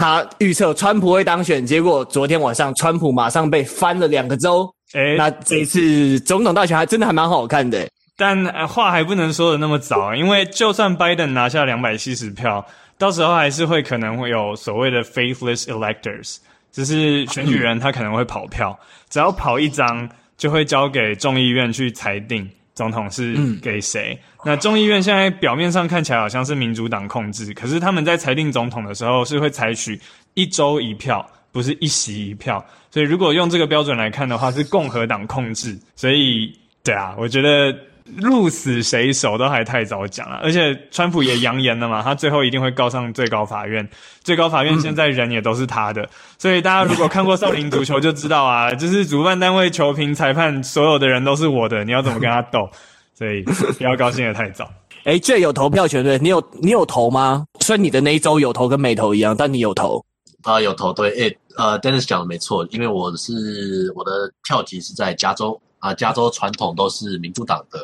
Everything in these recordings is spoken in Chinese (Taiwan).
他預測川普會當選，結果昨天晚上川普馬上被翻了兩個州。欸，那這一次總統大選還真的還蠻好看的。但話還不能說得那麼早，因為就算拜登拿下兩百七十票，到時候還是會可能會有所謂的 faithless electors，只是選舉人他可能會跑票，嗯、只要跑一張就會交給眾議院去裁定。總統是給誰、嗯？那眾議院現在表面上看起來好像是民主黨控制，可是他們在裁定總統的時候是會採取一州一票，不是一席一票，所以如果用這個標準來看的話，是共和黨控制。所以，對啊，我覺得。鹿死誰手都還太早講了，而且川普也揚言了嘛，他最後一定會告上最高法院。最高法院現在人也都是他的，嗯、所以大家如果看過少林足球就知道啊，就是主辦單位、球評、裁判，所有的人都是我的，你要怎麼跟他鬥？所以不要高興得太早。哎、欸，Jay 有投票權對，你有你有投嗎？雖然你的那一周有投跟沒投一樣，但你有投。啊、呃，有投對、欸，呃，Dennis 講的沒錯，因為我是我的票籍是在加州。啊，加州傳統都是民主黨的，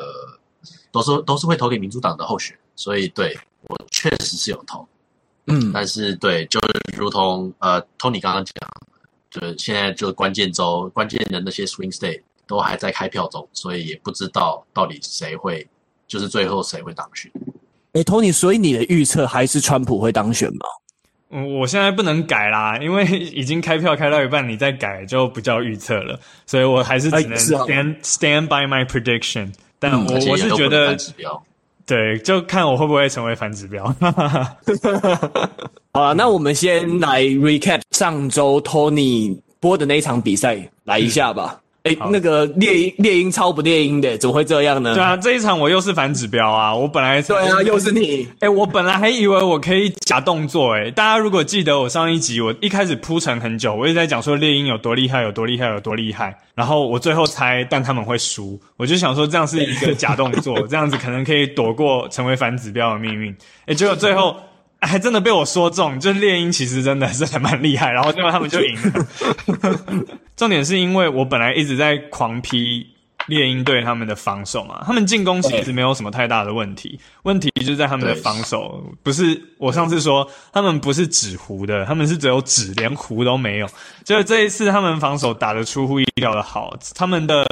都是都是會投給民主黨的候選，所以對我確實是有投，嗯，但是對，就是如同呃，Tony 剛剛講，就是現在就是關鍵州、關鍵的那些 swing state 都還在開票中，所以也不知道到底誰會，就是最後誰會當選。欸，Tony，所以你的預測還是川普會當選嗎？我現在不能改啦，因為已經開票開到一半，你再改就不叫預測了。所以我還是只能 stand，哎，stand by my prediction，嗯。但我我是覺得，對，就看我會不會成為反指標。哈哈哈。好，那我們先來 recap 上周 Tony 播的那場比賽，來一下吧。嗯。哎、欸，那個獵鷹，獵鷹超不獵鷹的，怎麼會這樣呢？對啊，這一場我又是反指標啊！我本來……對啊，又是你！哎，我本來還以為我可以假動作。哎，大家如果記得我上一集，我一開始鋪陳很久，我一直在講說獵鷹有多厲害，有多厲害，有多厲害。然後我最後猜，但他們會輸，我就想說這樣是一個假動作，這樣子可能可以躲過成為反指標的命運。哎，結果最後。還真的被我說中，就是獵鷹其實真的是還蠻厲害，然後最後他們就贏了。 重點是因為我本來一直在狂批獵鷹隊他們的防守嘛，他們進攻其實沒有什麼太大的問題，問題就是在他們的防守。不是我上次說他們不是紙糊的，他們是只有紙，連糊都沒有。就是這一次他們防守打得出乎意料的好，他們的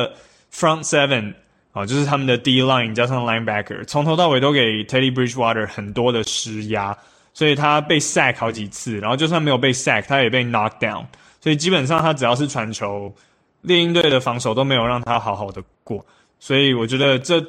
front seven 啊，喔，就是他們的 D line 加上 linebacker 從頭到尾都給 Teddy Bridgewater 很多的施壓。所以他被 sack 好幾次，然後就算沒有被 sack，他也被 knock down。所以基本上他只要是傳球，獵鷹隊的防守都沒有讓他好好的過。所以我覺得這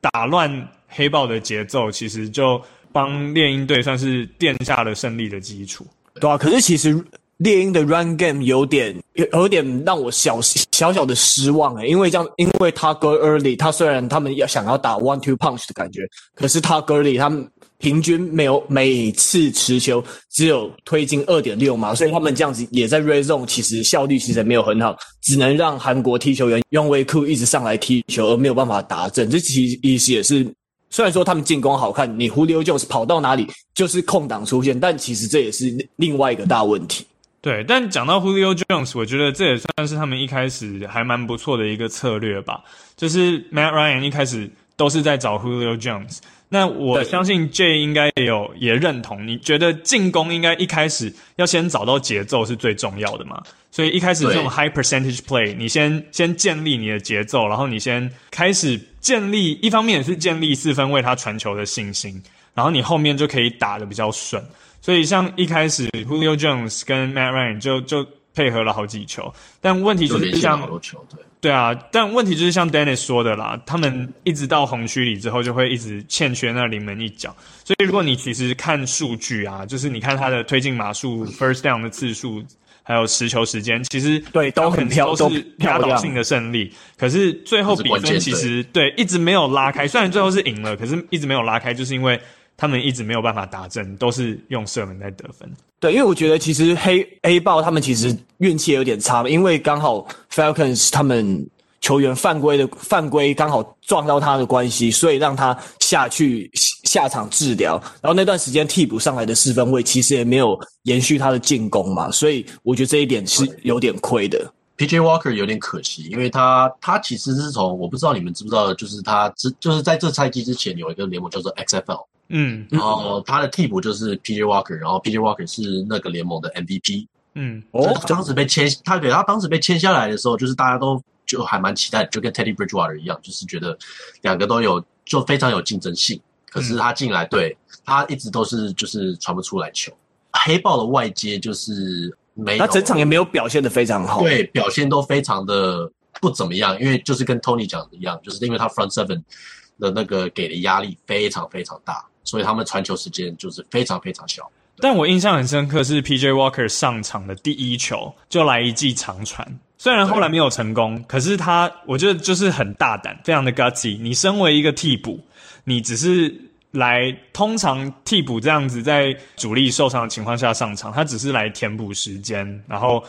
打亂黑豹的節奏，其實就幫獵鷹隊算是墊下了勝利的基礎。對啊，可是其實獵鷹的 run game 有點有有點讓我小小小的失望誒、欸，因為這樣，因為他 go early，他雖然他們要想要打 one two punch 的感覺，可是他 go early，他們。平均沒有每次持球只有推進二點六碼，所以他們這樣子也在 rezone，其實效率其實沒有很好，只能讓韓國踢球員用 o 庫一直上來踢球，而沒有辦法打陣。這其實也是，雖然說他們進攻好看，你 Hulio Jones 跑到哪裡就是空檔出現，但其實這也是另外一個大問題。對，但講到 Hulio Jones，我覺得這也算是他們一開始還蠻不錯的一個策略吧，就是 Matt Ryan 一開始都是在找 Hulio Jones。那我相信 Jay 應該有也認同，你覺得進攻應該一開始要先找到節奏是最重要的嘛？所以一開始這種 high percentage play，你先先建立你的節奏，然後你先開始建立，一方面也是建立四分衛他傳球的信心，然後你後面就可以打得比較順。所以像一開始 Julio Jones 跟 Matt Ryan 就就。配合了好幾球，但問題就是像就對，對啊，但問題就是像 Dennis 說的啦，他們一直到紅區裡之後就會一直欠缺那臨門一腳，所以如果你其實看數據啊，就是你看他的推進碼數、first down 的次數，還有持球時間，其實對都很都是壓倒性的勝利，可是最後比分其實對，對，一直沒有拉開，雖然最後是贏了，可是一直沒有拉開，就是因為。他們一直沒有辦法達陣，都是用射門在得分。對，因為我覺得其實黑黑豹他們其實運氣也有點差，因為剛好 Falcons 他們球員犯規的犯規剛好撞到他的關係，所以讓他下去下場治療。然後那段時間替補上來的四分衛其實也沒有延續他的進攻嘛，所以我覺得這一點是有點虧的。P.J. Walker 有點可惜，因為他他其實是從我不知道你們知不知道的，就是他之就是在這賽季之前有一個聯盟叫做 XFL。嗯，然後他的替補就是 PJ Walker，然後 PJ Walker 是那個聯盟的 MVP，嗯，我、哦、當時被簽，他對，他當時被簽下來的時候，就是大家都就還蠻期待，就跟 Teddy Bridgewater 一樣，就是覺得兩個都有就非常有競爭性。可是他進來、嗯，對，他一直都是就是傳不出來球，黑豹的外接就是沒有，他整場也沒有表現的非常好，對，表現都非常的不怎麼樣，因為就是跟 Tony 講的一樣，就是因為他 Front Seven 的那個給的壓力非常非常大。所以他們傳球時間就是非常非常小。但我印象很深刻是 PJ Walker 上場的第一球就來一記長傳，雖然後來沒有成功，可是他我覺得就是很大膽，非常的 gutsy。你身為一個替補，你只是來通常替補這樣子在主力受傷的情況下上場，他只是來填補時間，然後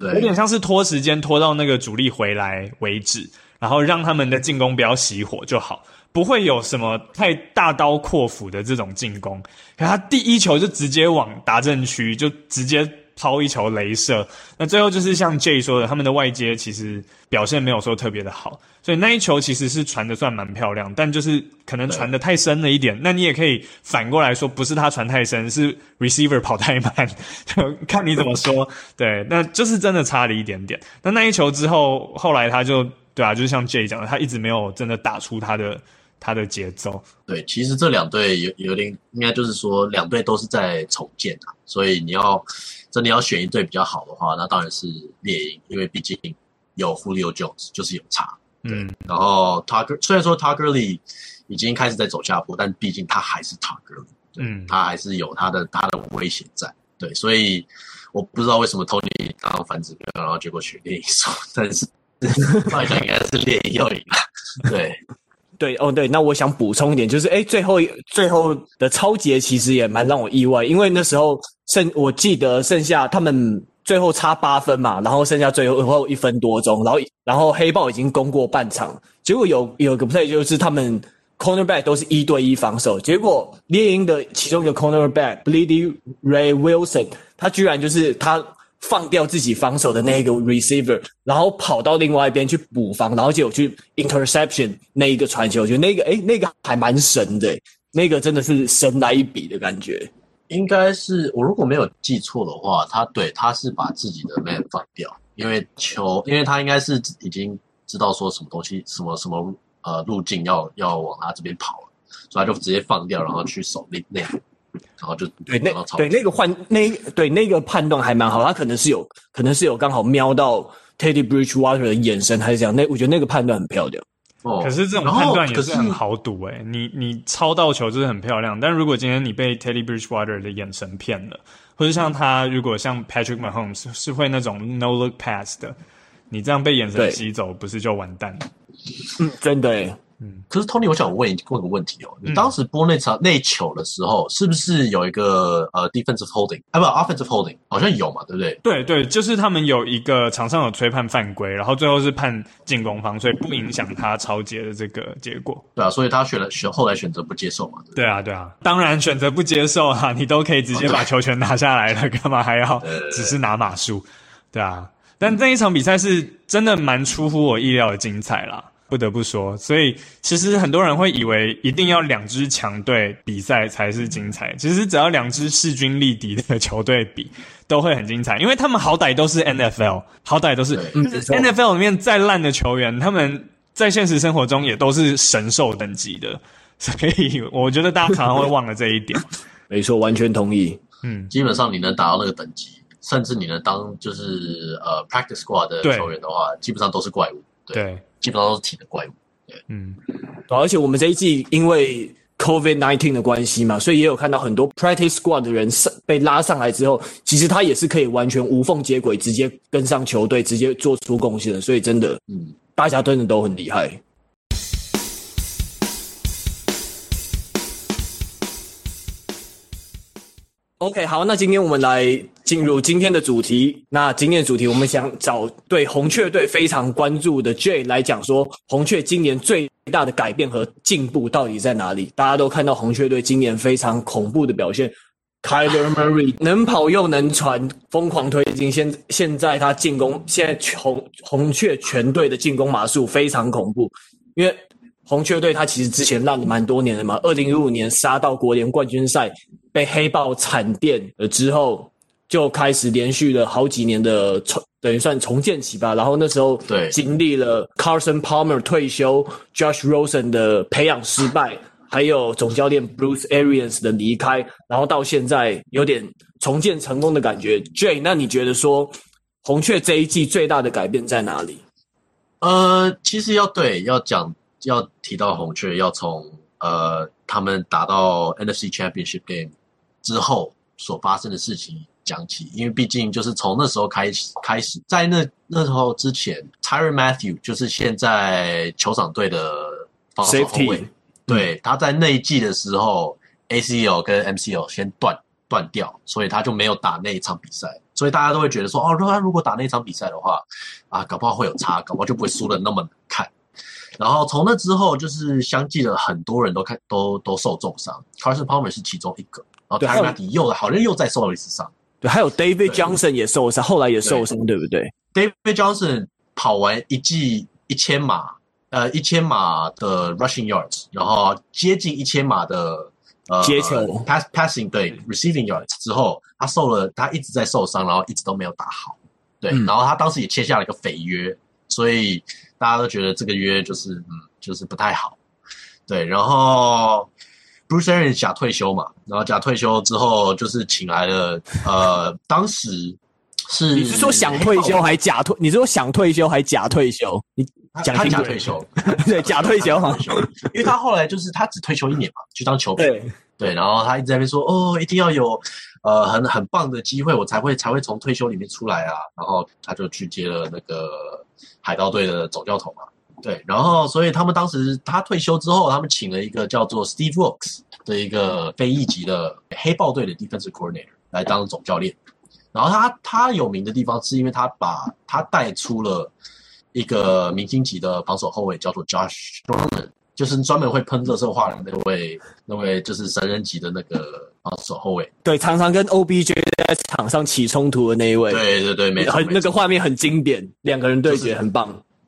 有點像是拖時間拖到那個主力回來為止，然後讓他們的進攻不要熄火就好。不會有什麼太大刀闊斧的這種進攻，可他第一球就直接往達陣區就直接拋一球雷射，那最後就是像 Jay 說的，他們的外接其實表現沒有說特別的好，所以那一球其實是傳的算蠻漂亮，但就是可能傳的太深了一點。那你也可以反過來說，不是他傳太深，是 receiver 跑太慢， 就看你怎麼說。對，那就是真的差了一點點。那那一球之後，後來他就對啊，就是像 Jay 講的，他一直沒有真的打出他的。他的節奏對，其實這兩隊有有點應該就是說，兩隊都是在重建啊，所以你要真的要選一隊比較好的話，那當然是獵鷹，因為畢竟有 Julio Jones 就是有差，對、嗯、然後 Todd Gurley 雖然說 Todd Gurley 已經開始在走下坡，但畢竟他還是 Todd Gurley 嗯，他還是有他的他的威脅在，對，所以我不知道為什麼 Tony 當反指標，然後結果選獵鷹輸，但是 好像應該是獵鷹要贏嘛，對。 對哦，對，那我想補充一點，就是誒，最後最後的抄截其實也蠻讓我意外，因為那時候剩，我記得剩下他們最後差八分嘛，然後剩下最後一分多鐘，然後然後黑豹已經攻過半場，結果有有個 play 就是他們 cornerback 都是一對一防守，結果獵鷹的其中一個 cornerback，Bleedy Ray Wilson，他居然就是他。放掉自己防守的那個 receiver，然後跑到另外一邊去補防，然後就去 interception 那一個傳球，就那個哎、欸，那個還蠻神的欸，那個真的是神來一筆的感覺。應該是我如果沒有記錯的話，他，對，他是把自己的 man 放掉，因為球，因為他應該是已經知道說什麼東西什麼什麼呃路徑要要往他這邊跑了，所以他就直接放掉，然後去守那那。然後就對那對，那，對那個換那對那個判斷還蠻好，他可能是有可能是有剛好瞄到 Teddy Bridgewater 的眼神還是這樣，那我覺得那個判斷很漂亮。哦，可是這種判斷也是很好賭誒、欸哦，你你抄到球就是很漂亮，但如果今天你被 Teddy Bridgewater 的眼神騙了，或者像他如果像 Patrick Mahomes 是會那種 no look pass 的，你這樣被眼神吸走，不是就完蛋了？嗯，真的、欸。嗯，可是 Tony，我想問一個問題哦，嗯、你當時播那場那球的時候，是不是有一個呃 defensive holding？啊不，offensive holding 好像有嘛，對不對？對對，就是他們有一個場上有吹判犯規，然後最後是判進攻方，所以不影響他抄截的這個結果。對啊，所以他選了選，後來選擇不接受嘛，對不對？對啊，對啊，當然選擇不接受啊，你都可以直接把球權拿下來了、哦，幹嘛還要只是拿碼數。對啊，但這一場比賽是真的蠻出乎我意料的精彩啦。不得不說，所以其實很多人會以為一定要兩支強隊比賽才是精彩。其實只要兩支勢均力敵的球隊比，都會很精彩。因為他們好歹都是 NFL，好歹都是、嗯、NFL 裡面再爛的球員，他們在現實生活中也都是神獸等級的。所以我覺得大家常常會忘了這一點。 沒錯，完全同意。嗯，基本上你能達到那個等級，甚至你能當就是呃 practice squad 的球員的話，基本上都是怪物。對，基本上都是體的怪物。對，嗯，而且我們這一季因為 COVID nineteen 的關係嘛，所以也有看到很多 Practice Squad 的人上被拉上來之後，其實他也是可以完全無縫接軌，直接跟上球隊，直接做出貢獻的。所以真的，嗯，大家真的都很厲害、嗯。OK，好，那今天我們來。進入今天的主題。那今天的主題，我們想找對紅雀隊非常關注的 Jay 來講說，紅雀今年最大的改變和進步到底在哪裡？大家都看到紅雀隊今年非常恐怖的表現，Kyler Murray 能跑又能傳，瘋狂推進。現現在他進攻，現在紅紅雀全隊的進攻碼數非常恐怖。因為紅雀隊他其實之前爛了蠻多年的嘛，二零一五年殺到國聯冠軍賽被黑豹慘電，了之後。就開始連續了好幾年的重，等於算重建期吧。然後那時候對，經歷了 Carson Palmer 退休，Josh Rosen 的培養失敗， 還有總教練 Bruce Arians 的離開，然後到現在有點重建成功的感覺。Jay，那你覺得說紅雀這一季最大的改變在哪裡？呃，其實要對要講要提到紅雀，要從呃他們打到 NFC Championship Game 之後所發生的事情講起，因為畢竟就是從那時候開始開始，在那那時候之前，Tyre Matthew 就是現在酋長隊的防守後衛。對，他在那一季的時候，ACL 跟 MCL 先斷斷掉，所以他就沒有打那一場比賽。所以大家都會覺得說，哦，如果他如果打那一場比賽的話，啊，搞不好會有差，搞不好就不會輸的那麼難看。然後從那之後，就是相繼的很多人都看都都受重傷，Carson Palmer 是其中一個，然後 Tyre Matthew 又對好像又再受了一次傷。還有 David Johnson 也受傷，後來也受傷，對，對不對？David Johnson 跑完一季一千碼，呃，一千碼的 rushing yards，然後接近一千碼的呃接 pass passing 對 receiving yards 之後，他受了，他一直在受傷，然後一直都沒有打好。對，嗯、然後他當時也簽下了一個肥約，所以大家都覺得這個約就是嗯，就是不太好。對，然後。Bruce Arians 假退休嘛，然後假退休之後就是請來了， 呃，當時是你是說想退休還假退？ 你是說想退休還假退休？你假假退休， 對，假退休。 因為他後來就是他只退休一年嘛， 去當球評對，對，然後他一直在那邊說哦，一定要有呃很很棒的機會，我才會才會從退休裡面出來啊。然後他就去接了那個海盜隊的總教頭嘛。對，然後所以他們當時他退休之後，他們請了一個叫做 Steve Wilks 的一個非裔籍的黑豹隊的 defense coordinator 來當總教練。然後他他有名的地方是因為他把他帶出了一個明星級的防守後衛，叫做 Josh Norman，就是專門會噴熱熱話的那位，那位就是神人級的那個防守後衛。對，常常跟 OBJ 在場上起衝突的那一位。對對對，沒錯，沒錯。那個畫面很經典，兩個人對決很棒。就是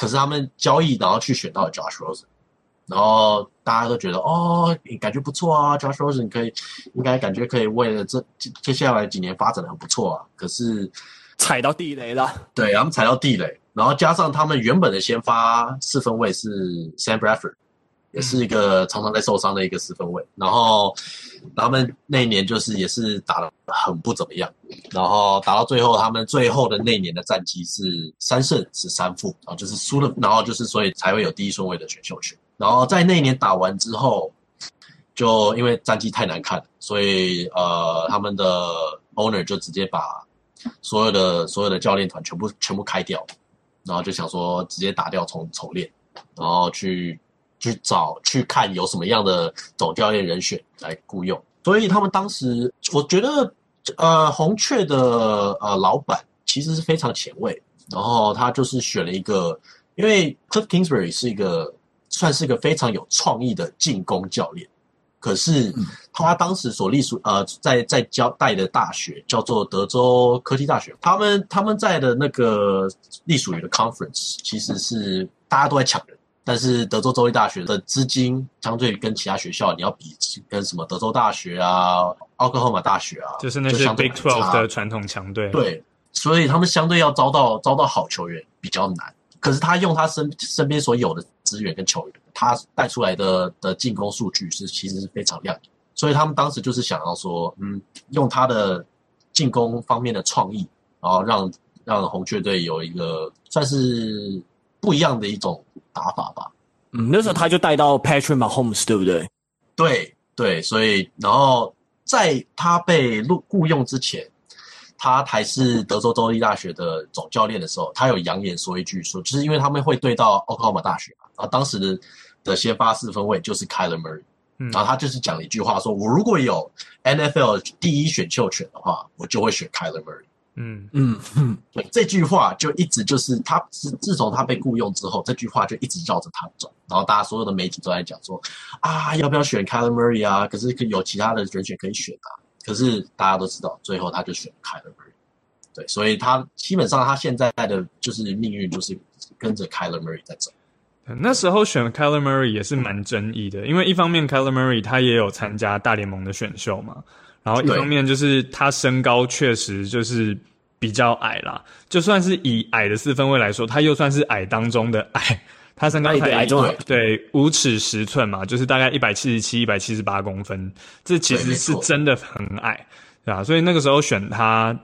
可是他們交易，然後去選到了 Josh Rosen，然後大家都覺得哦，你感覺不錯啊，Josh Rosen 可以，應該感覺可以為了這接下來幾年發展的很不錯啊。可是踩到地雷了，對，他們踩到地雷，然後加上他們原本的先發四分衛是 Sam Bradford。也是一個常常在受傷的一個四分衛，然後他們那一年就是也是打得很不怎麼樣，然後打到最後，他們最後的那年的戰績是三勝十三負，然後就是輸了，然後就是所以才會有第一順位的選秀權。然後在那一年打完之後，就因為戰績太難看，所以呃，他們的 owner 就直接把所有的所有的教練團全部全部開掉，然後就想說直接打掉重籌練，然後去。去找去看有什麼樣的總教練人選來僱傭，所以他們當時我覺得，呃，紅雀的呃老板其實是非常前衛，然後他就是選了一個，因為 Kliff Kingsbury 是一個算是一個非常有創意的進攻教練，可是他當時所隸屬呃在在交代的大學叫做德州科技大學，他們他們在的那個隸屬於的 conference 其實是大家都在搶人，但是德州州立大學的資金相對跟其他學校，你要比跟什麼德州大學啊、奧克赫馬大學啊，就是那些 Big 12的傳統強隊，對，所以他們相對要招到招到好球員比較難。可是他用他身身邊所有的資源跟球員，他帶出來的的進攻數據是其實是非常亮眼。所以他們當時就是想要說，嗯，用他的進攻方面的創意，然後讓讓紅雀隊有一個算是不一樣的一種打法吧，嗯，那時候他就帶到 Patrick Mahomes，對、嗯、不對？對對，所以然後在他被錄雇傭之前，他還是德州州立大學的總教練的時候，他有揚言說一句說，就是因為他們會對到奧克 m a 大學嘛，啊，當時的的先发四分位就是 Kyler Murray、嗯、然後他就是講了一句話說，說我如果有 NFL 第一選秀權的話，我就會選 Kyler Murray。嗯嗯嗯，對， 這句話就一直就是他自自從他被僱傭之後，這句話就一直繞着他走。然後大家所有的媒體都在講說啊，要不要選 Kyler Murray 啊？可是有其他的人選，選可以選啊。可是大家都知道，最後他就選 Kyler Murray。對，所以他基本上他現在的就是命運就是跟着 Kyler Murray 在走。那時候選 Kyler Murray 也是蠻爭議的，嗯、因為一方面 Kyler Murray 他也有參加大聯盟的選秀嘛、嗯，然後一方面就是他身高確實就是。比較矮啦，就算是以矮的四分衛來說，他又算是矮當中的矮，他身高太矮，矮，矮，矮，對，五尺十寸嘛，就是大概一百七十七、一百七十八公分，這其實是真的很矮，對，對啊，所以那個時候選他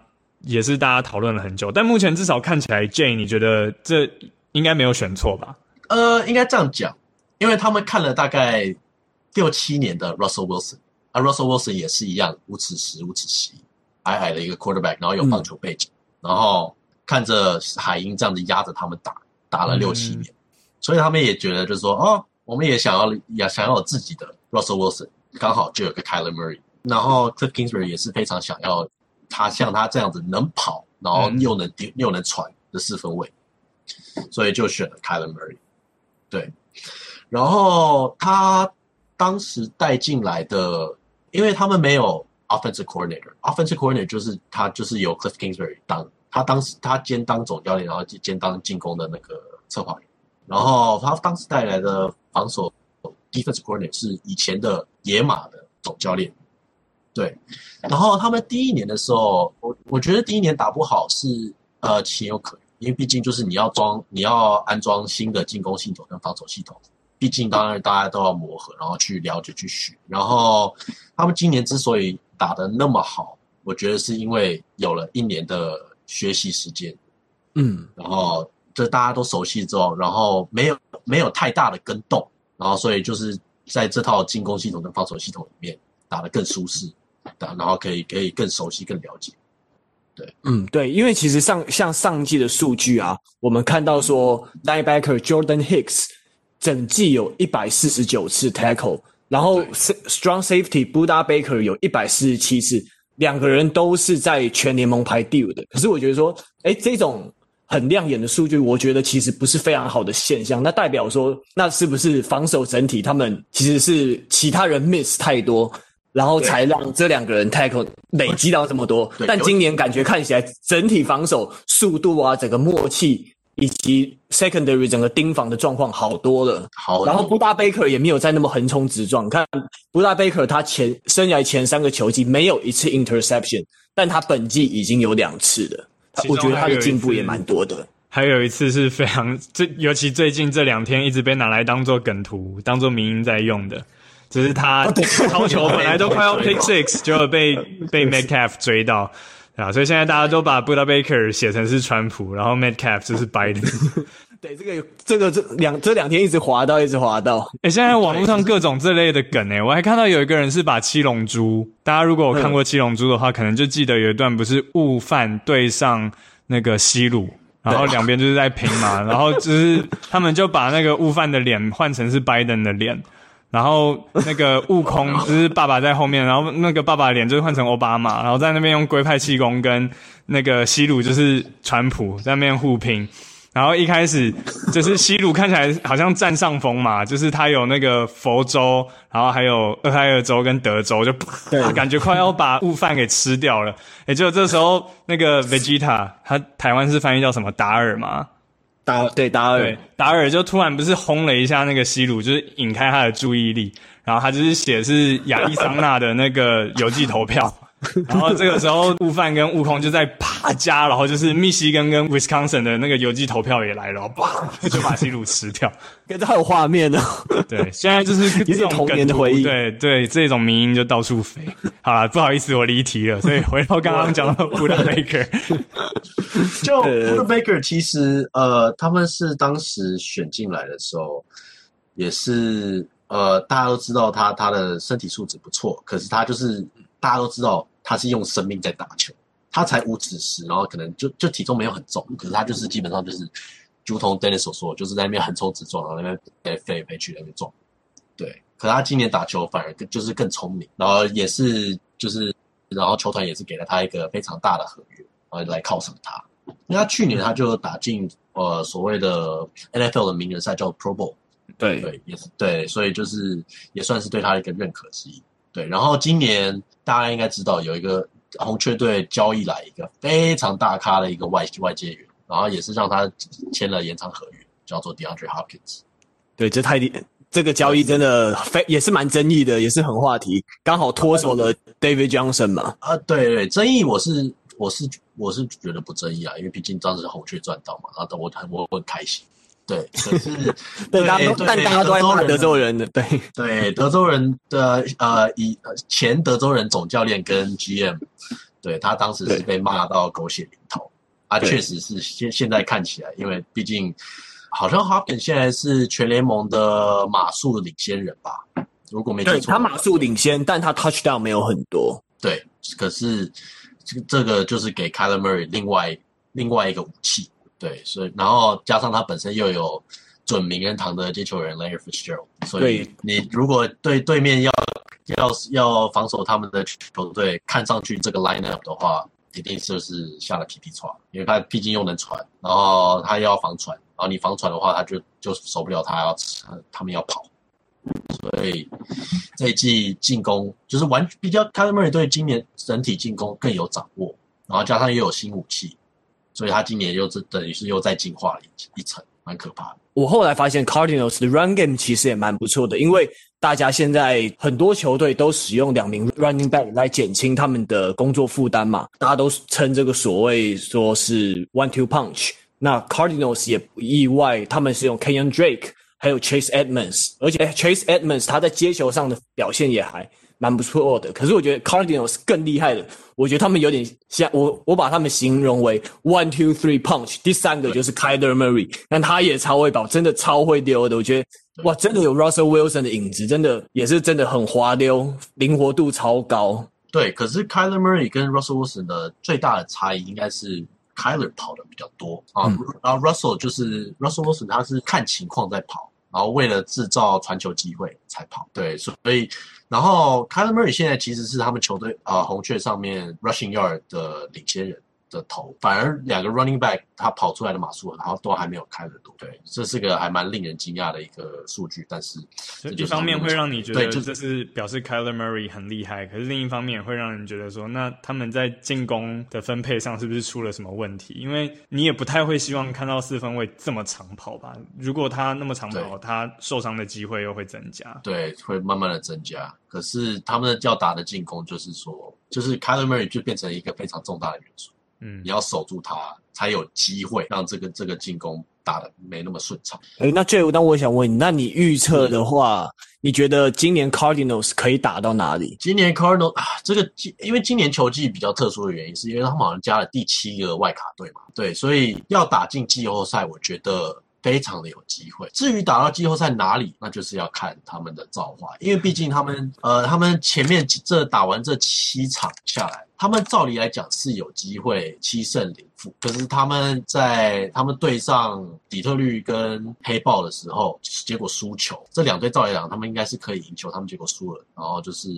也是大家討論了很久，但目前至少看起來，Jay，你覺得這應該沒有選錯吧？呃，應該這樣講，因為他們看了大概六七年的 Russell Wilson，啊，Russell Wilson 也是一樣，五尺十、五尺七。矮矮的一個 quarterback，然後有棒球背景，嗯、然後看着海鷹這樣子壓着他們打，打了六七年，嗯，所以他們也覺得就是說，哦，我們也想要，也想要有自己的 Russell Wilson，剛好就有個 Kyler Murray，然後 Cliff Kingsbury 也是非常想要他像他這樣子能跑，嗯、然後又能丟又能傳的四分衛，所以就選了 Kyler Murray。對，然後他當時帶進來的，因為他們沒有。Offensive coordinator，offensive coordinator 就是他，就是由 Cliff Kingsbury 當，他當時他兼當總教練，然後兼當進攻的那個策劃員。然後他當時帶來的防守 defensive coordinator 是以前的野馬的總教練。對，然後他們第一年的時候，我我覺得第一年打不好是呃情有可原，因為畢竟就是你要裝，你要安裝新的進攻系統跟防守系統，畢竟當然大家都要磨合，然後去了解去學。然後他們今年之所以打得那麼好，我覺得是因為有了一年的學習時間，嗯，然後大家都熟悉之後，然後沒有沒有太大的更動，然後所以就是在這套進攻系統跟防守系統裡面打得更舒適，打然後可以可以更熟悉更了解。對，嗯，對，因為其實上像上季的數據啊，我們看到說 linebacker Jordan Hicks 整季有一百四十九次 tackle。然後 strong safety，Budda Baker 有一百四十七次，兩個人都是在全聯盟排第五的。可是我覺得說，哎，這種很亮眼的數據，我覺得其實不是非常好的現象。那代表說，那是不是防守整體他們其實是其他人 miss 太多，然後才讓這兩個人 tackle 累積到這麼多對對對對？但今年感覺看起來整體防守速度啊，整個默契。以及 secondary 整個盯防的狀況好多了，好。然後布達貝克也沒有再那麼橫衝直撞。看布達貝克他前生涯前三個球季沒有一次 interception，但他本季已經有兩次了。我覺得他的進步也蠻多的。還有一次，有一次是非常最，尤其最近這兩天一直被拿來當做梗圖、當做名言在用的，只、就是他掏、啊、球本來都快要 pick six，就要被被，被 Metcalf 追到。啊，所以現在大家都把 Budda Baker 寫成是川普，然後 Madcap 就是 Biden。 對，這個這個這兩這兩天一直滑到一直滑到。誒、欸，現在網絡上各種這類的梗哎、欸，我還看到有一個人是把《七龍珠》，大家如果有看過《七龍珠》的話、嗯，可能就記得有一段不是悟飯對上那個西魯，然後兩邊就是在拼嘛，然後就是他們就把那個悟飯的臉換成是 Biden 的臉。然後那個悟空就是爸爸在後面， 然後那個爸爸臉就是換成奧巴馬，然後在那邊用龜派氣功跟那個西魯就是川普在那邊互拼，然後一開始就是西魯看起來好像占上風嘛，就是他有那個佛州，然後還有俄亥俄州跟德州，就、啊、感覺快要把悟飯給吃掉了。也、欸、結果這時候那個維吉塔，他台灣是翻譯叫什麼達爾嘛？達爾，對，達爾。達爾就突然不是轟了一下那個西魯，就是引開他的注意力，然後他就是寫是亞利桑那的那個郵寄投票。 然後這個時候，悟飯跟悟空就在啪家，然後就是密西根跟 Wisconsin 的那個郵寄投票也來了，然後就把西魯吃掉。感 覺還有畫面呢、哦。對，現在就是 這種也種童年的回憶。對對，這種迷因就到處飛。好了，不好意思，我離題了，所以回到剛剛講的 Budda Baker。就 Budda Baker 其實呃，他們是當時選進來的時候，也是呃，大家都知道他他的身體素質不錯，可是他就是。大家都知道他是用生命在打球，他才五尺十，然後可能就就體重沒有很重，可是他就是基本上就是，如同 Dennis 所說，就是在那邊橫衝直撞，然後那邊飛來飛飛去那邊撞，對。可他今年打球反而更就是更聰明，然後也是就是，然後球團也是給了他一個非常大的合約來來犒賞他，因為他去年他就打進呃所謂的 NFL 的名人賽叫 Pro Bowl，對對也是對，所以就是也算是對他一個認可之一。對，然後今年大家應該知道有一個紅雀隊交易來一個非常大咖的一個外外接員，然後也是讓他簽了延長合約，叫做 DeAndre Hopkins。對，這太這個交易真的非也是蠻爭議的，也是很話題。剛好脫手了 David Johnson 嘛。啊、嗯呃，對對，爭議我是我是我是覺得不爭議啊，因為畢竟當時紅雀賺到嘛，然後我很我很很開心。對，可是 對對對對，但大家都在罵德、德州人的，對對，德州人的呃， 以前德州人總教練跟 GM，對他當時是被罵到狗血淋頭啊，確實是現現在看起來，因為畢竟好像 Hopkins 現在是全聯盟的碼數領先人吧？如果沒記錯，他碼數領先，但他 Touchdown 沒有很多，對，可是這這個就是給 Kyler Murray 另外另外一個武器。對，所以然後加上他本身又有準名人堂的接球人 Larry Fitzgerald，所以你如果對對面要要要防守他們的球隊，看上去這個 lineup 的話，一定就是，是下了皮皮傳，因為他畢竟又能傳，然後他又要防傳，然後你防傳的話，他就就守不了他，他要他，他們要跑，所以這一季進攻就是完比較 Kyler Murray 對今年整體進攻更有掌握，然後加上又有新武器。所以他今年又是等於是又再進化了一一層，蠻可怕的。我後來發現 Cardinals 的 Run Game 其實也蠻不錯的，因為大家現在很多球隊都使用兩名 Running Back 來減輕他們的工作負擔嘛，大家都稱這個所謂說是 One Two Punch。那 Cardinals 也不意外，他們是用 Kenyan Drake 還有 Chase Edmonds，而且 Chase Edmonds 他在接球上的表現也還蠻不錯的，可是我覺得 Cardinals 更厲害的。我覺得他們有點像我，我把他們形容為 one two three punch。第三個就是 Kyler Murray，但他也超會跑，真的超會丟的。我覺得哇，真的有 Russell Wilson 的影子，真的也是真的很滑溜，靈活度超高。對，可是 Kyler Murray 跟 Russell Wilson 的最大的差異應該是 Kyler 跑的比較多啊、嗯，然後 Russell 就是 Russell Wilson，他是看情況在跑，然後為了製造傳球機會才跑。對，所以。然後 Kyler Murray 現在其實是他們球隊啊、呃，紅雀上面 rushing yard 的領先人。的頭，反而兩個 running back 他跑出來的碼數，然後都還沒有開得多。對，這是個還蠻令人驚訝的一個數據。但是，這是，一方面會讓你覺得這是表示 Kyler Murray 很厲害，可是另一方面也會讓人覺得說，那他們在進攻的分配上是不是出了什麼問題？因為你也不太會希望看到四分衛這麼長跑吧。如果他那麼長跑，他受傷的機會又會增加。對，會慢慢的增加。可是他們的要打的進攻就是說，就是 Kyler Murray 就變成一個非常重大的元素。嗯，你要守住他，才有機會讓這個這個進攻打得沒那麼順暢。哎、欸，那 Jay，那我想問你，那你預測的話、嗯，你覺得今年 Cardinals 可以打到哪裡？今年 Cardinals，啊、這個，因為今年球季比較特殊的原因，是因為他們好像加了第七個外卡隊嘛，對，所以要打進季後賽，我覺得。非常的有機會。至於打到季後賽哪裡，那就是要看他們的造化。因為畢竟他們，呃，他們前面這打完這七場下來，他們照理來講是有機會七勝零負。可是他們在他們對上底特律跟黑豹的時候，就是、結果輸球。這兩隊照理講，他們應該是可以贏球，他們結果輸了，然後就是。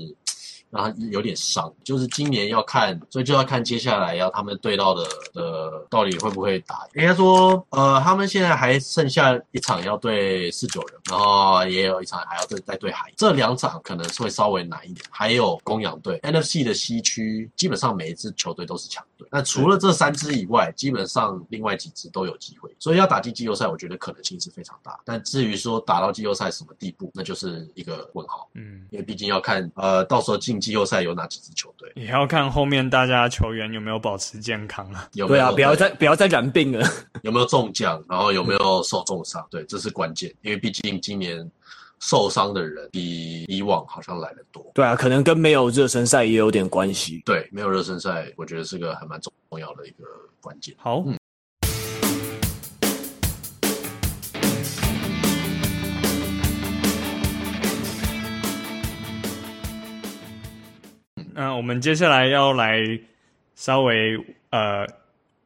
然後有點傷，就是今年要看，所以就要看接下來要他們對到的的到底會不會打。應該說，呃，他們現在還剩下一場要對四九人，然後也有一場還要對再對海。這兩場可能是會稍微難一點。還有公羊隊，嗯，NFC 的西區基本上每一支球隊都是強隊。那除了這三支以外，基本上另外幾支都有機會。所以要打進季後賽，我覺得可能性是非常大。但至於說打到季後賽什麼地步，那就是一個問號。嗯，因為畢竟要看呃到時候進。季後賽有哪幾支球隊？也要看後面大家球員有沒有保持健康啊。有，沒有對啊，不要再不要再染病了。 有沒有中獎？然後有沒有受重傷？ 對，這是關鍵，因為畢竟今年受傷的人比以往好像來得多。對啊，可能跟沒有熱身賽也有點關係。對，沒有熱身賽，我覺得是個還蠻重要的一個關鍵。好。嗯那我們接下來要來稍微呃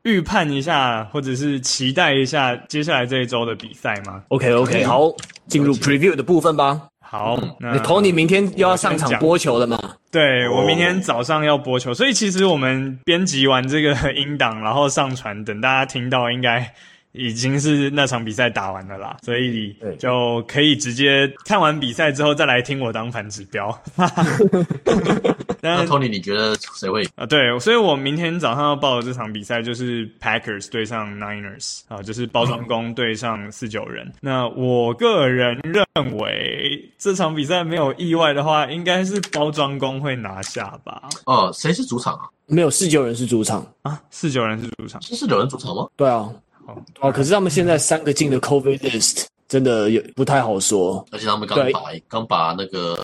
預判一下，或者是期待一下接下來這一周的比賽嗎？OK OK、嗯、好，進入 Preview 的部分吧。好，Tony 明天又要上場播球了嗎？對，我明天早上要播球，所以其實我們編輯完這個音檔，然後上傳，等大家聽到應該。已經是那場比賽打完了啦，所以就可以直接看完比賽之後再來聽我當反指標。 那托尼，你覺得誰會贏啊？對，所以我明天早上要報的這場比賽就是 Packers 對上 Niners 啊，就是包裝工對上四九人，嗯。那我個人認為這場比賽沒有意外的話，應該是包裝工會拿下吧？哦，呃，誰是主場啊？沒有，四九人是主場啊，四九人是主場。是四九人主場嗎？對啊。哦、oh, 嗯，可是他們現在三個進的 COVID list 真的有不太好說，而且他們剛把剛把那個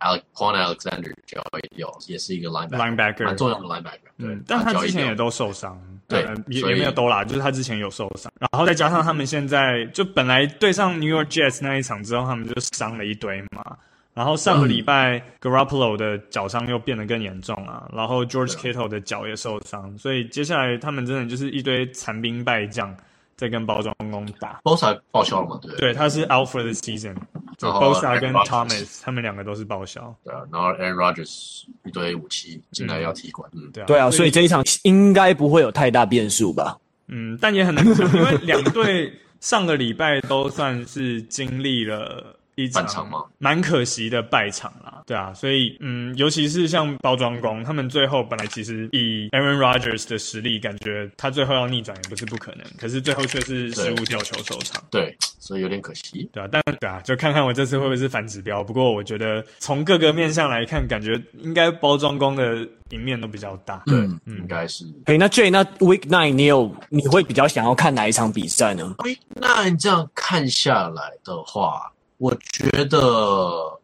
Alex, Kwon Alexander 交易掉有，也是一個 linebacker 很重要的 linebacker，、嗯、對，但他之前也都受傷，嗯、對，嗯、也也沒有都啦，就是他之前有受傷，然後再加上他們現在、嗯、就本來對上 New York Jets 那一場之後，他們就傷了一堆嘛。然後上個禮拜、嗯、Garoppolo 的腳傷又變得更嚴重啊，然後 George Kittle 的腳也受傷、啊，所以接下來他們真的就是一堆殘兵敗將在跟包裝工打。Bosa 報銷了嘛？對，對，他是 out for the season、嗯。Bosa 跟 Thomas、嗯、他們兩個都是報銷。對啊，然後 Aaron Rodgers 一堆武器進來要踢館、啊。嗯，對啊，所以這一場應該不會有太大變數吧？嗯，但也很難，因為兩隊上個禮拜都算是經歷了。一場蠻可惜的敗場啦，對啊，所以嗯，尤其是像包裝工，他們最後本來其實以 Aaron Rodgers 的實力，感覺他最後要逆轉也不是不可能，可是最後卻是失誤掉球收場，對，對，所以有點可惜，對啊，但對啊，就看看我這次會不會是反指標。不過我覺得從各個面向來看，感覺應該包裝工的贏面都比較大，對、嗯，應該是、hey。誒那 Jay，那 Week Nine 你有你會比較想要看哪一場比賽呢？Week Nine 這樣看下來的話我覺得，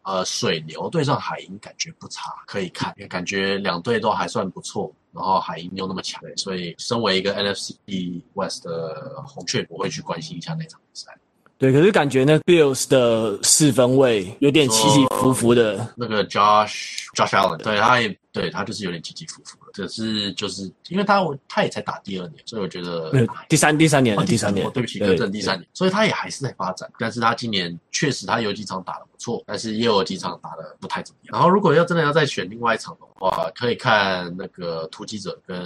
呃，水牛對上海鷹感覺不差，可以看。因為感覺兩隊都還算不錯，然後海鷹又那麼強，所以身為一個 NFC West 的紅雀，不會去關心一下那場比賽。對，可是感覺那 Bills 的四分衛有點起起伏伏的。So, 那個 Josh Josh Allen，對他也對他就是有點起起伏伏的。可是就是、就是、因為他他也才打第二年，所以我覺得、嗯、第三第三年、哦、第三年、哦，對不起，更正第三年，所以他也還是在發展。但是他今年確實他有幾場打得不錯，但是也有幾場打得不太怎麼樣。然後如果要真的要再選另外一場的話，可以看那個突擊者跟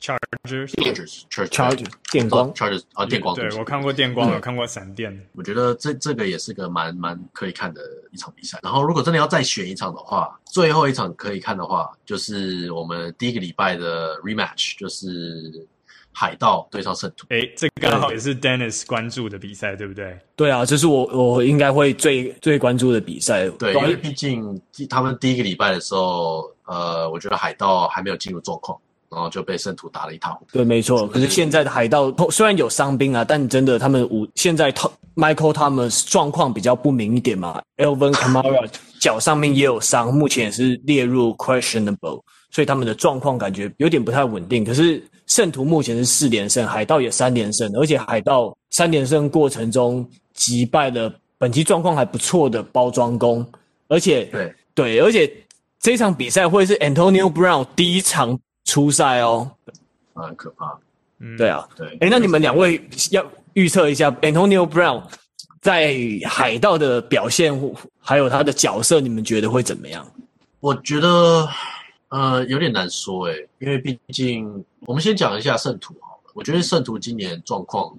Chargers Chargers Chargers 電光 Chargers 啊電光，Chargers, 啊電光嗯、對我看過電光、嗯，我看過閃電。我覺得這這個也是個蠻蠻可以看的一場比賽。然後如果真的要再選一場的話，最後一場可以看的話，就是我們第一個禮拜的 rematch 就是海盜對上聖徒，哎、欸，這個剛好也是 Dennis 關注的比賽，對不對？對啊，這是我我應該會最最關注的比賽，對，因為畢竟他們第一個禮拜的時候，呃，我覺得海盜還沒有進入狀況，然後就被聖徒打了一套。對，沒錯。可是現在的海盜雖然有傷兵啊，但真的他們五現在他 Michael 他們狀況比較不明一點嘛，Alvin Kamara 腳上面也有傷， 目前也是列入 questionable。所以他們的狀況感覺有點不太穩定。可是聖徒目前是四連勝，海盜也三連勝，而且海盜三連勝過程中擊敗了本期狀況還不錯的包裝工。而且對對，而且這場比賽會是 Antonio Brown 第一場出賽哦，啊，很可怕、啊！嗯，對啊，對、欸。哎、就是，那你們兩位要預測一下 Antonio Brown 在海盜的表現，還有他的角色，你們覺得會怎麼樣？我覺得。呃，有點難說誒、欸，因為畢竟我們先講一下聖徒好了。我覺得聖徒今年狀況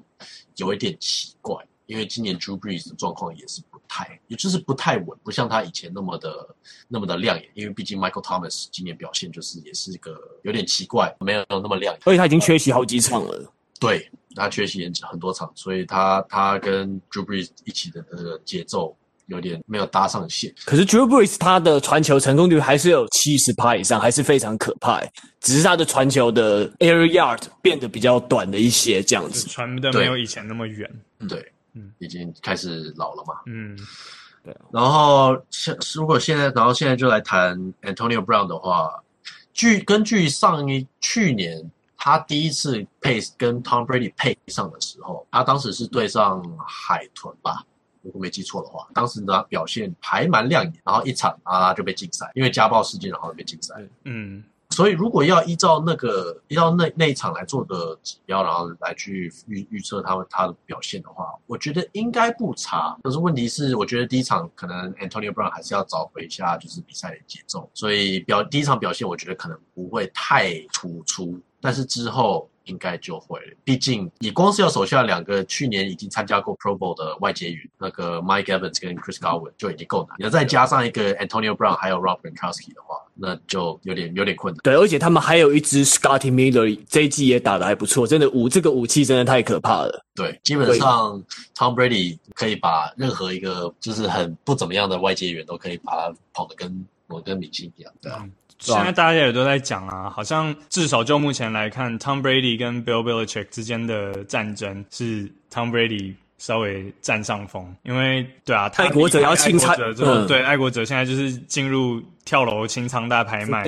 有一點奇怪，因為今年 Drew Brees 的狀況也是不太，也就是不太穩，不像他以前那麼的那麼的亮眼。因為畢竟 Michael Thomas 今年表現就是也是一個有點奇怪，沒有那麼亮眼，所以他已經缺席好幾場了。嗯、對，他缺席很多場，所以他他跟 Drew Brees 一起的那個節奏。有點沒有搭上線，可是 Drew Brees 他的傳球成功率還是有七十趴以上，還是非常可怕。只是他的傳球的 air yard 變得比較短了一些，這樣子傳、就是、的沒有以前那麼遠、嗯。對，嗯，已經開始老了嘛。嗯，對。然後，如果現在，然後現在就來談 Antonio Brown 的話，據根據上一去年他第一次配跟 Tom Brady 配上的時候，他當時是對上海豚吧。嗯如果沒記錯的話，當時呢，表現還蠻亮眼，然後一場啊，就被禁賽，因為家暴事件，然後就被禁賽。嗯，所以如果要依照那個，依照那那一場來做的指標，然後來去預預測他他的表現的話，我覺得應該不差。但是問題是，我覺得第一場可能 Antonio Brown 還是要找回一下就是比賽的節奏，所以表第一場表現我覺得可能不會太突出，但是之後，應該就會，畢竟你光是要手下兩個去年已經參加過 Pro Bowl 的外接員，那個 Mike Evans 跟 Chris Godwin 就已經夠難，你要再加上一個 Antonio Brown 還有 Rob Gronkowski 的話，那就有點有點困難。對，而且他們還有一支 Scotty Miller 這一季也打得還不錯，真的武這個武器真的太可怕了。對，基本上 Tom Brady 可以把任何一個就是很不怎麼樣的外接員都可以把他捧得跟我跟米奇一樣。對啊。嗯現在大家也都在講啊，好像至少就目前來看，Tom Brady 跟 Bill Belichick 之間的戰爭是 Tom Brady 稍微佔上風，因為對啊，他離開，愛國者要清倉，嗯，對愛國者現在就是進入跳樓清倉大拍賣，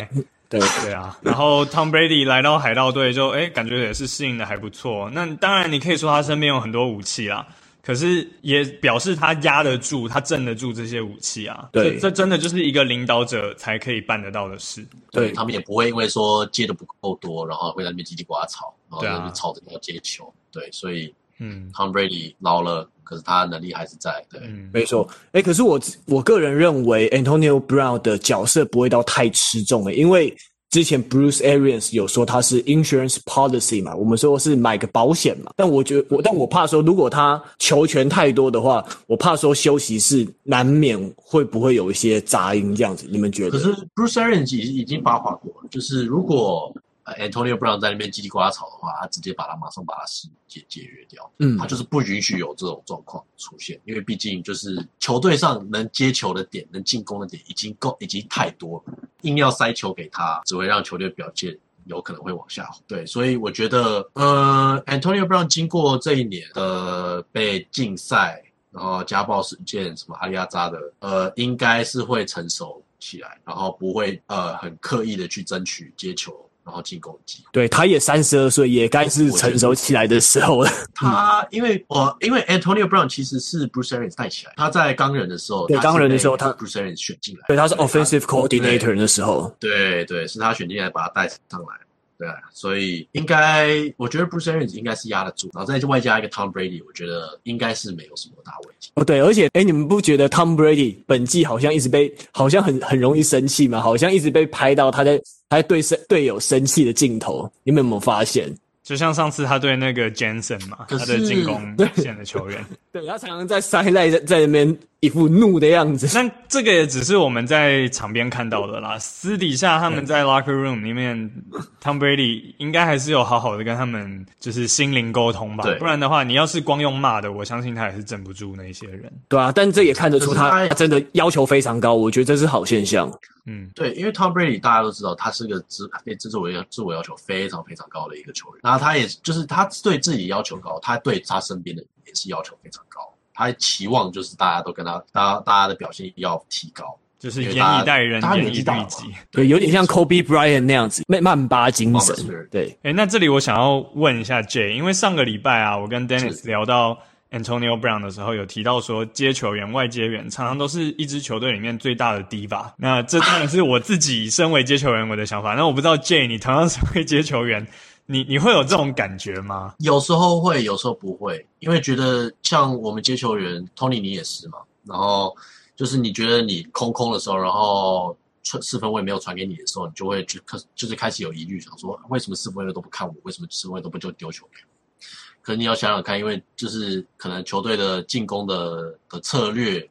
對啊 對啊，然後 Tom Brady 來到海盜隊就哎、欸，感覺也是適應的還不錯。那當然，你可以說他身邊有很多武器啦。可是也表示他壓得住，他鎮得住這些武器啊。對，這真的就是一個領導者才可以辦得到的事。對，他們也不會因為說接的不夠多，然後會在那邊嘰里呱啦吵，然後在吵着要接球對、啊。對，所以，嗯 Tom Brady 撈了，可是他能力還是在。對嗯，所以說，欸，可是我我個人認為，Antonio Brown 的角色不會到太吃重的、欸，因為。之前 Bruce Arians 有說他是 insurance policy 嘛，我們說是買個保險嘛，但我覺得我但我怕說如果他球權太多的話，我怕說休息室難免會不會有一些雜音這樣子，你們覺得？可是 Bruce Arians 已經已經發話過了，就是如果。呃、uh,，Antonio Brown 在那邊嘰嘰呱呱吵的話，他直接把他馬上把他薪解解約掉。嗯，他就是不允許有這種狀況出現，因為畢竟就是球隊上能接球的點、能進攻的點已經夠，已經太多了。硬要塞球給他，只會讓球隊的表現有可能會往下。對，所以我覺得，呃，Antonio Brown 經過這一年的被禁賽，然後家暴事件，什麼阿里亞扎的，呃，應該是會成熟起來，然後不會呃很刻意的去爭取接球。然後進攻機，對，他也三十二歲，也該是成熟起來的時候了。他因為我、 嗯、因為 Antonio Brown 其實是 Bruce Arians 帶起來，他在鋼人的時候，對鋼人的時候他，他 Bruce Arians 選進來，對，他是 Offensive Coordinator 的時候，對對，對，是他選進來把他帶上來。對、啊，所以應該我覺得 Bruce Arians 應該是壓得住，然後再外加一個 Tom Brady，我覺得應該是沒有什麼大問題。哦，對，而且哎，你們不覺得 Tom Brady 本季好像一直被，好像很很容易生氣嗎？好像一直被拍到他在他在對生隊友生氣的鏡頭，你們有沒有發現？就像上次他對那個 Jensen 嘛，他的進攻線的球員， 對，他常常在塞賴在，在那邊。一副怒的樣子，那這個也只是我們在場邊看到的啦。 私底下他們在 locker room 裡面，嗯，Tom Brady 應該還是有好好的跟他們就是心靈溝通吧。對，不然的話，你要是光用罵的，我相信他也是鎮不住那些人。對啊，但這也看得出他真的要求非常高。我覺得這是好現象。嗯，對，因為 Tom Brady 大家都知道，他是個自被自我要自我要求非常非常高的一個球員。然後他也就是他對自己要求高，他對他身邊的也是要求非常高。他期望就是大家都跟他，大家大家的表現要提高，就是嚴以待人，嚴以待己，對，有點像 Kobe Bryant 那樣子，那曼巴精神，對。誒、欸，那這裡我想要問一下 Jay，因為上個禮拜啊，我跟 Dennis 聊到 Antonio Brown 的時候，有提到說接球員、外接員常常都是一支球隊裡面最大的 Diva。那這當然是我自己身為接球員我的想法， 那我不知道 Jay 你常常身為接球員。你你會有這種感覺嗎？有時候會，有時候不會，因為覺得像我們接球員 Tony，你也是嘛。然後就是你覺得你空空的時候，然後四分衛沒有傳給你的時候，你就會去就,就是開始有疑慮，想說為什麼四分衛都不看我，為什麼四分衛都不就丟球給我？可是你要想想看，因為就是可能球隊的進攻的的策略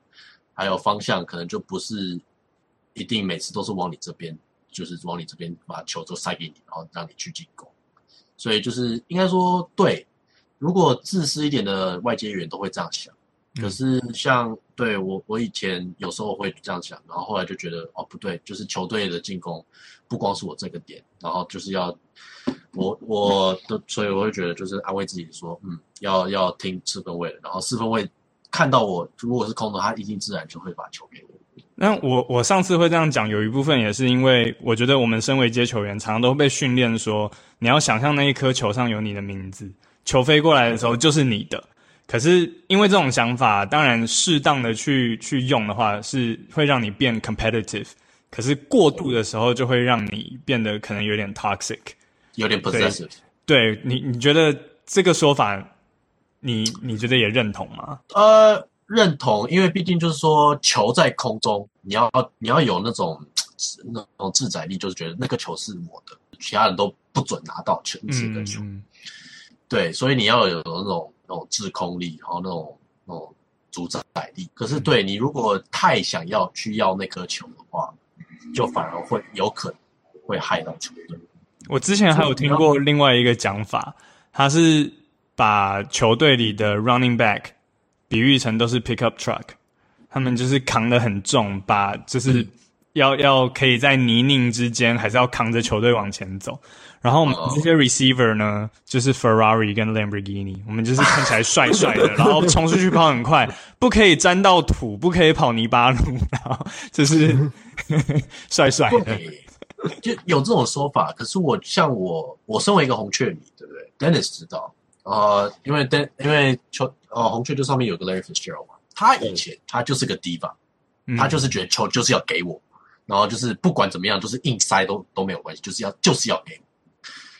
還有方向，可能就不是一定每次都是往你這邊，就是往你這邊把球都塞給你，然後讓你去進攻。所以就是應該說對，如果自私一點的外接員，都會這樣想。嗯、可是像對我我以前有時候會這樣想，然後後來就覺得哦不對，就是球隊的進攻不光是我這個點，然後就是要我我的，所以我會覺得就是安慰自己說，嗯，要要聽四分衛的，然後四分衛看到我如果是空的，他一定自然就會把球給我。那我我上次會這樣講，有一部分也是因為我覺得我們身為接球員，常常都被訓練說，你要想象那一顆球上有你的名字，球飛過來的時候就是你的。可是因為這種想法，當然適當的去去用的話，是會讓你變 competitive，可是過度的時候就會讓你變得可能有點 toxic，有點 possessive。對，對你你覺得這個說法，你你覺得也認同嗎？呃、uh...。認同，因為畢竟就是說，球在空中，你要你要有那種那種自在力，就是覺得那個球是我的，其他人都不准拿到球。嗯，對，所以你要有那種那種制空力，然後那種那種主宰力、嗯。可是對，對你如果太想要去要那顆球的話，就反而會有可能會害到球隊。我之前還有聽過另外一個講法，他是把球隊裡的 running back。比喻成都是 pickup truck，他們就是扛得很重，把就是要、嗯、要可以在泥濘之間，還是要扛着球隊往前走。然後我們這些 receiver 呢、哦，就是 Ferrari 跟 Lamborghini，我們就是看起來帥帥的，啊、然後衝出去跑很快， 不可以沾到土，不可以跑泥巴路，然後就是、嗯、 帥帥的。就有這種說法，可是我像我，我身為一個紅雀迷，對不對？Dennis 知道。呃，因為等，因為球，呃，紅雀就上面有個 Larry Fitzgerald 嘛，他以前、嗯、他就是個 Diva 他就是覺得球就是要給我、嗯，然後就是不管怎麼樣就是硬塞都都沒有關係，就是要就是要給我。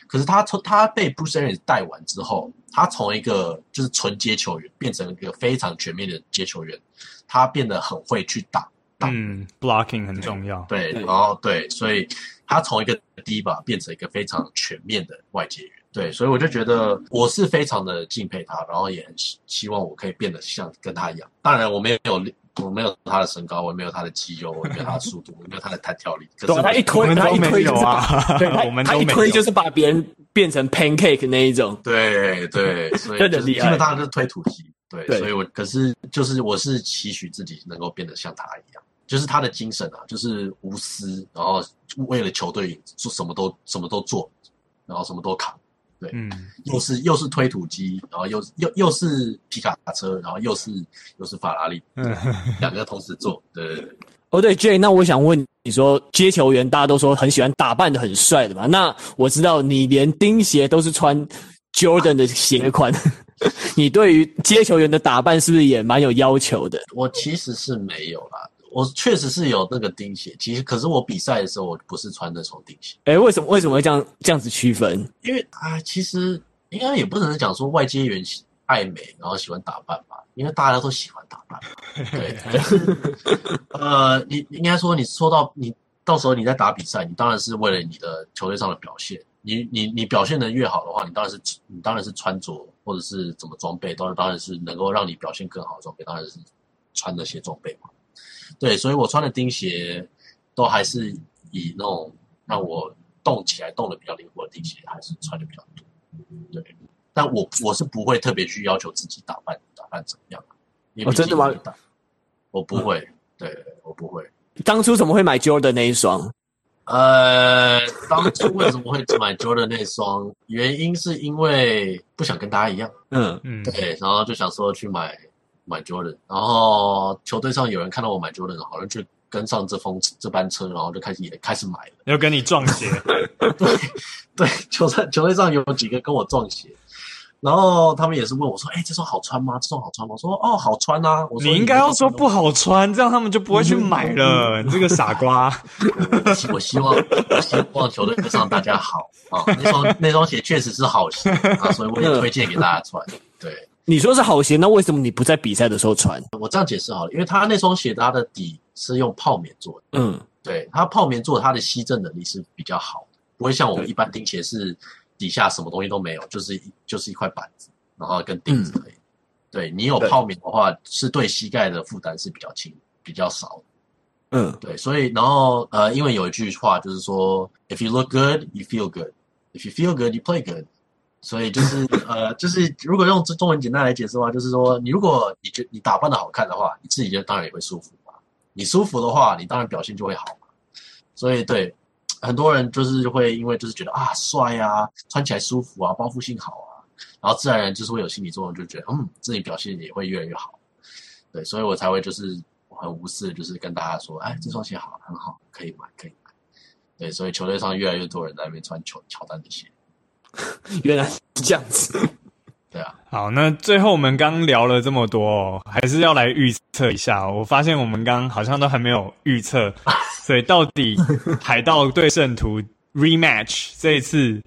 可是他從他被 Bruce Arians 帶完之後，他從一個就是純接球員變成一個非常全面的接球員，他變得很會去打，打，嗯，Blocking 很重要，對，對，然後對，所以他從一個 Diva 變成一個非常全面的外接員。對，所以我就覺得我是非常的敬佩他，然後也希望我可以變得像跟他一樣。當然，我沒有，我沒有他的身高，我沒有他的肌肉，我也沒有他的速度，我沒有他的彈跳力。對，他一推，他一推就是把，對，他一推就是把別人變成 pancake 那一種。對對，所以，真的厲害。基本上是推土機，對，所以我 可是就是我是期許自己能夠變得像他一樣，就是他的精神啊，就是無私，然後為了球隊做什麼都什麼都做，然後什麼都扛。對，嗯，又是又是推土機，然後又是又又是皮卡車，然後又是又是法拉利，兩 個同時做，對、對、對。哦，對，Jay，那我想問你說，接球員大家都說很喜歡打扮的很帥的嘛？那我知道你連釘鞋都是穿 Jordan 的鞋款， 你對於接球員的打扮是不是也蠻有要求的？我其實是沒有啦。我確實是有那個釘鞋，其實可是我比賽的時候我不是穿那種釘鞋。哎，為什麼為什麼會這樣這樣子區分？因為啊、呃，其實應該也不能講說外接員愛美，然後喜歡打扮吧，因為大家都喜歡打扮嘛。對， 呃，你應該說你說到你到時候你在打比賽，你當然是為了你的球隊上的表現。你你你表現的越好的話，你當然是你當然是穿着或者是怎麼裝備，當然當然是能夠讓你表現更好的裝備，當然是穿那些裝備嘛。對，所以我穿的釘鞋都還是以那種讓我動起來、動的比較靈活的釘鞋，還是穿的比較多。對，但我我是不會特別去要求自己打扮打扮怎麼樣。我、哦、真的嗎？我不會，嗯、對我不會。當初怎麼會買 Jordan 那一雙？呃，當初為什麼會買 Jordan 那雙？ 原因是因為不想跟大家一樣。嗯嗯，對，然後就想說去買。買 Jordan，然後球隊上有人看到我買 Jordan，好像就跟上這風這班車，然後就開始也開始買了，有跟你撞鞋， 對對，球隊球隊上有幾個跟我撞鞋，然後他們也是問我說：“哎、欸，這雙好穿嗎？這雙好穿嗎？”我說：“哦，好穿啊。”你應該要說不好穿、嗯嗯，這樣他們就不會去買了。嗯嗯，你這個傻瓜 我。我希望，我希望球隊上大家好啊、哦。那雙那雙鞋確實是好鞋 啊，所以我也推薦給大家穿。對。你說是好鞋，那為什麼你不在比賽的時候穿？我這樣解釋好了，因為它那雙鞋它的底是用泡棉做的。嗯，對，它泡棉做的，它的吸震能力是比較好的，不會像我們一般釘鞋是底下什麼東西都沒有，就是、就是一就是一塊板子，然後跟釘子而已、嗯。對，你有泡棉的話，對是對膝蓋的負擔是比較輕、比較少。嗯，對，所以然後呃，因為有一句話就是說、嗯、，If you look good, you feel good. If you feel good, you play good. 所以就是呃，就是如果用中中文簡單來解釋的話，就是說你如果你覺你打扮得好看的話，你自己就當然也會舒服嘛。你舒服的話，你當然表現就會好嘛。所以對很多人就是會因為就是覺得啊帥啊，穿起來舒服啊，包覆性好啊，然後自然人就是會有心理作用，就覺得嗯自己表現也會越來越好。對，所以我才會就是我很無私就是跟大家說，哎這雙鞋好很好，可以買可以買。對，所以球隊上越來越多人在那邊穿球喬喬丹的鞋。 原來是這樣子， 對啊。好，那最後我們剛聊了這麼多、哦，還是要來預測一下、哦。我發現我們剛好像都還沒有預測， 所以到底海盜對聖徒 rematch 這一次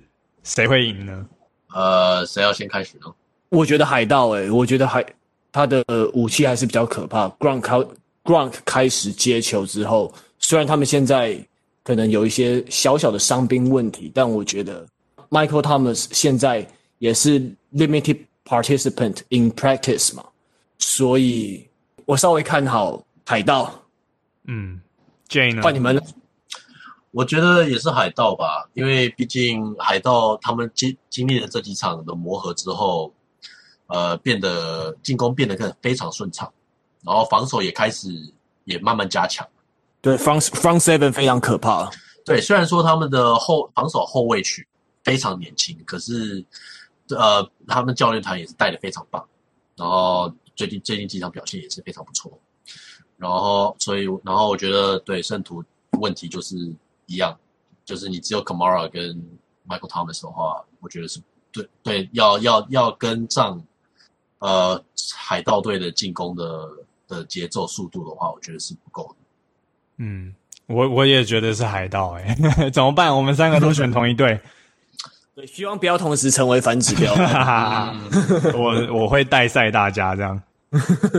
誰會贏呢？呃，誰要先開始呢？我覺得海盜、欸，誒我覺得海他的武器還是比較可怕。Gronk 開 Gronk 開始接球之後，雖然他們現在可能有一些小小的傷兵問題，但我覺得。Michael Thomas 現在也是 limited participant in practice 嘛，所以我稍微看好海盜。嗯，Jay 呢？換你們。我覺得也是海盜吧，因為畢竟海盜他們經經歷了這幾場的磨合之後，呃，變得進攻變得更非常順暢，然後防守也開始也慢慢加強。對，Front Front Seven 非常可怕。對，雖然說他們的後防守後衛區，非常年輕，可是，呃，他們教練團也是帶的非常棒，然後最近最近幾場表現也是非常不錯，然後所以，然後我覺得對聖徒問題就是一樣，就是你只有 Kamara 跟 Michael Thomas 的話，我覺得是對對要要要跟上，呃，海盜隊的進攻的的節奏速度的話，我覺得是不夠的。嗯，我我也覺得是海盜欸，哎， 怎麼辦？我們三個都選同一隊。 對，希望不要同時成為反指標。 我我會帶賽大家這樣，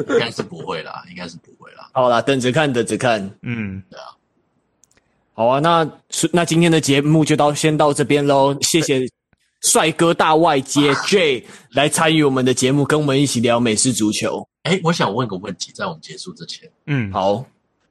應該是不會啦，應該是不會啦。好啦，等着看，等着看。嗯，啊。好啊，那那今天的節目就到先到這邊嘍。謝謝帥哥大外接 Jay 來參與我們的節目，跟我們一起聊美式足球。哎、欸，我想問個問題，在我們結束之前，嗯，好。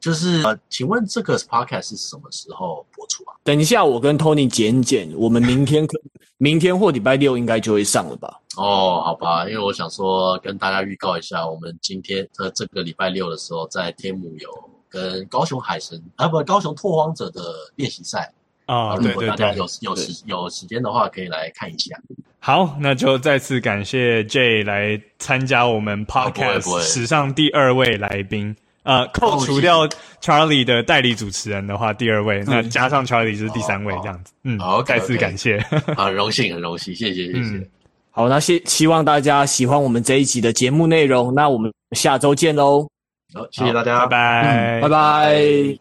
就是呃，請問這個 Podcast 是什麼時候播出啊？等一下，我跟 Tony 剪剪，我們明天可 明天或禮拜六應該就會上了吧？哦，好吧，因為我想說跟大家預告一下，我們今天在、呃、這個禮拜六的時候，在天母有跟高雄海神啊，不，不高雄拓荒者的練習賽啊，哦、如果大家有對對對對，有時有時間的話，可以來看一下。對對對對，好，那就再次感謝 Jay 來參加我們 Podcast 史、哦、上第二位來賓。呃，扣除掉 Charlie 的代理主持人的話，第二位、嗯，那加上 Charlie 就是第三位這樣子。嗯，好，再次感謝。很榮、okay, okay. 幸，很榮幸，謝謝，謝謝。嗯、好，那謝希望大家喜歡我們這一集的節目內容，那我們下周見嘍。好、哦，謝謝大家，拜拜、嗯，拜拜，拜拜。